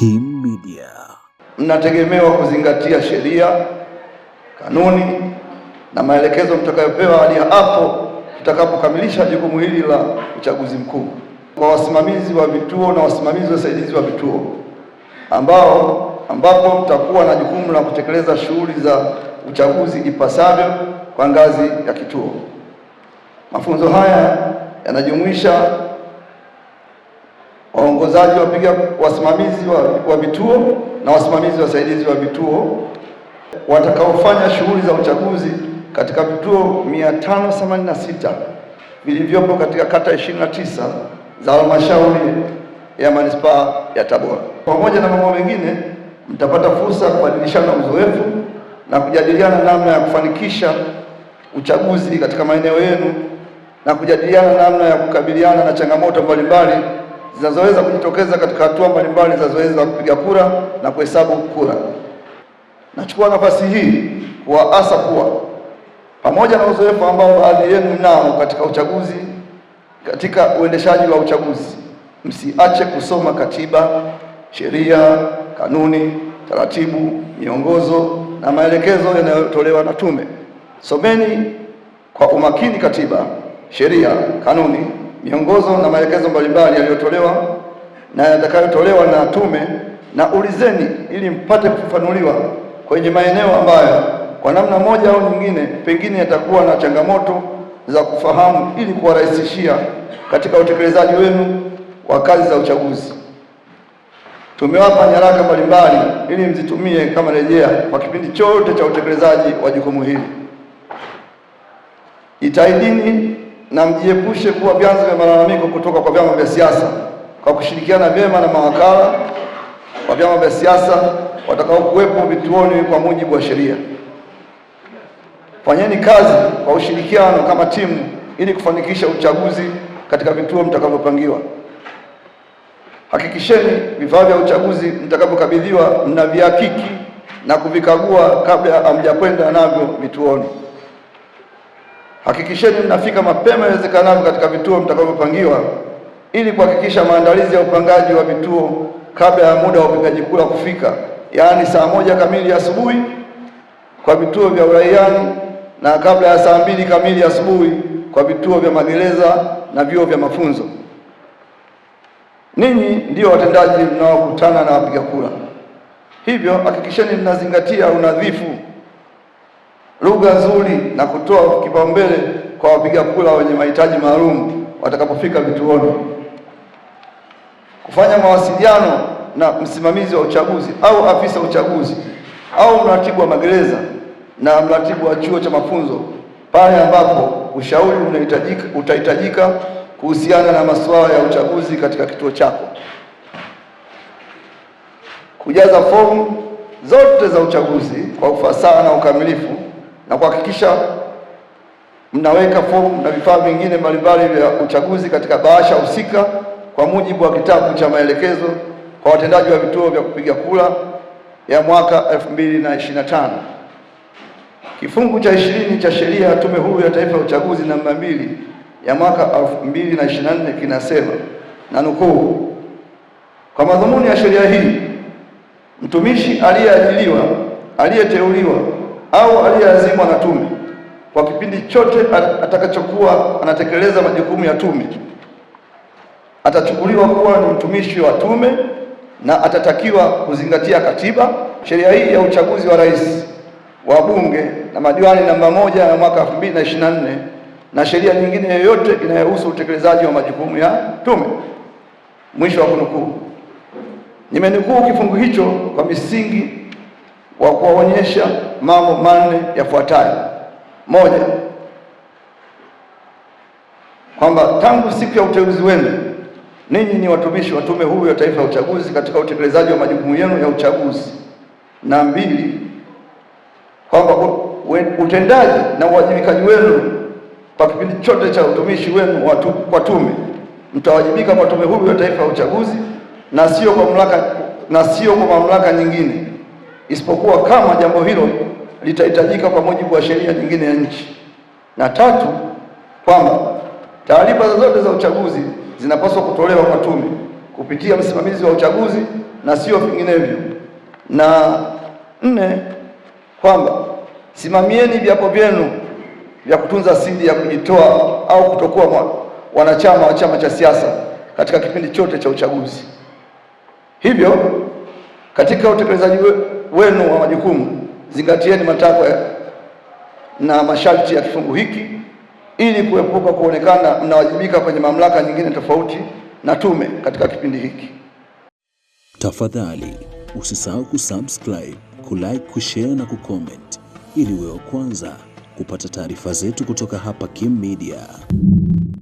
Kim Media. Mnategemewa kuzingatia sheria, kanuni na maelekezo mtakayopewa hadi hapo tutakapokamilisha jukumu hili la uchaguzi mkuu. Kwa wasimamizi wa vituo na wasimamizi wasaidizi wa vituo ambao ambapo mtakuwa na jukumu la kutekeleza shughuli za uchaguzi ipasavyo kwa ngazi ya kituo. Mafunzo haya yanajumuisha waongozaji wapiga wasimamizi wa, wa vituo na wasimamizi wasaidizi wa vituo watakaofanya shughuli za uchaguzi katika vituo 586 vilivyopo katika kata 29 za halmashauri ya manispaa ya Tabora. Pamoja na mambo mengine, mtapata fursa ya kubadilishana uzoefu na kujadiliana namna ya kufanikisha uchaguzi katika maeneo yenu na kujadiliana namna ya kukabiliana na changamoto mbalimbali zinazoweza kujitokeza katika hatua mbalimbali za zoezi la kupiga kura na kuhesabu kura. Nachukua nafasi hii kuwaasa kuwa pamoja na uzoefu ambao baadhi yenu nao katika uchaguzi, katika uendeshaji wa uchaguzi, msiache kusoma katiba, sheria, kanuni, taratibu, miongozo na maelekezo yanayotolewa na Tume. Someni kwa umakini katiba, sheria, kanuni miongozo na maelekezo mbalimbali yaliyotolewa na yatakayotolewa na Tume, na ulizeni ili mpate kufafanuliwa kwenye maeneo ambayo kwa namna moja au nyingine pengine yatakuwa na changamoto za kufahamu ili kuwarahisishia katika utekelezaji wenu wa kazi za uchaguzi. Tumewapa nyaraka mbalimbali ili mzitumie kama rejea kwa kipindi chote cha utekelezaji wa jukumu hili. Jitahidini na mjiepushe kuwa vyanzo vya malalamiko kutoka kwa vyama vya siasa kwa kushirikiana vyema na mawakala wa vyama vya siasa watakaokuwepo vituoni kwa mujibu wa sheria. Fanyeni kazi kwa ushirikiano kama timu ili kufanikisha uchaguzi katika vituo mtakavyopangiwa. Hakikisheni vifaa vya uchaguzi mtakavyokabidhiwa mnavihakiki na kuvikagua kabla hamjakwenda navyo vituoni. Hakikisheni mnafika mapema iwezekanavyo katika vituo mtakavyopangiwa ili kuhakikisha maandalizi ya upangaji wa vituo kabla ya muda wa upigaji kura kufika, yaani saa moja kamili asubuhi kwa vituo vya uraiani na kabla ya saa mbili kamili asubuhi kwa vituo vya magereza na vyuo vya mafunzo. Ninyi ndio watendaji mnaokutana na wapiga kura, hivyo hakikisheni mnazingatia unadhifu lugha nzuri na kutoa kipaumbele kwa wapiga kura wenye mahitaji maalum watakapofika vituoni, kufanya mawasiliano na msimamizi wa uchaguzi au afisa uchaguzi au mratibu wa magereza na mratibu wa chuo cha mafunzo pale ambapo ushauri unahitajika utahitajika kuhusiana na masuala ya uchaguzi katika kituo chako, kujaza fomu zote za uchaguzi kwa ufasaha na ukamilifu na kuhakikisha mnaweka fomu na vifaa vingine mbalimbali vya uchaguzi katika bahasha husika kwa mujibu wa kitabu cha maelekezo kwa watendaji wa vituo vya kupiga kura ya mwaka 2025. Kifungu cha ishirini cha sheria ya Tume Huru ya Taifa ya Uchaguzi namba mbili ya mwaka 2024 kinasema na nukuu, kwa madhumuni ya sheria hii, mtumishi aliyeajiliwa, aliyeteuliwa au aliyeazimwa na tume kwa kipindi chote atakachokuwa anatekeleza majukumu ya tume atachukuliwa kuwa ni mtumishi wa tume na atatakiwa kuzingatia katiba. Sheria hii ya uchaguzi wa rais, wa bunge na madiwani namba moja ya mwaka 2024 na sheria nyingine yoyote inayohusu utekelezaji wa majukumu ya tume. Mwisho wa kunukuu. Nimenukuu kifungu hicho kwa misingi kwa kuwaonyesha mambo manne yafuatayo. Moja, kwamba tangu siku ya uteuzi wenu ninyi ni watumishi wa Tume Huru ya Taifa ya Uchaguzi katika utekelezaji wa majukumu yenu ya uchaguzi, na mbili, kwamba utendaji na uwajibikaji wenu kwa kipindi chote cha utumishi wenu watu, kwa tume mtawajibika kwa Tume Huru ya Taifa ya Uchaguzi na sio kwa mamlaka nyingine isipokuwa kama jambo hilo litahitajika kwa mujibu wa sheria nyingine ya nchi, na tatu kwamba taarifa zote za uchaguzi zinapaswa kutolewa kwa tume kupitia msimamizi wa uchaguzi na sio vinginevyo, na nne kwamba simamieni viapo vyenu vya kutunza siri ya kujitoa au kutokuwa wanachama wa chama cha siasa katika kipindi chote cha uchaguzi hivyo katika utekelezaji wenu wa majukumu, zingatieni matakwa na masharti ya kifungu hiki ili kuepuka kuonekana mnawajibika kwenye mamlaka nyingine tofauti na tume katika kipindi hiki. Tafadhali usisahau kusubscribe, kulike, kushare na kucomment ili uwe wa kwanza kupata taarifa zetu kutoka hapa Kim Media.